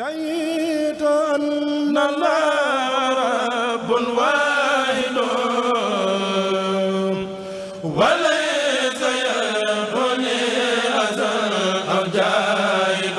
شهدت أن الله رب واحد وليس يبني أزل أو جاهد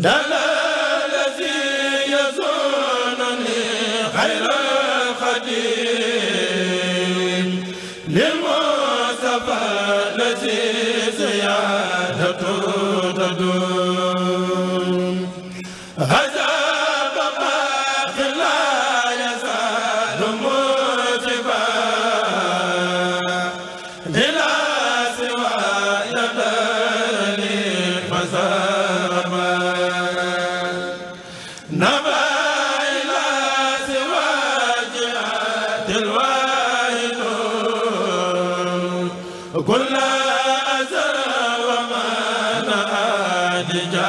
dalal zi yazunani xayra xadim na وما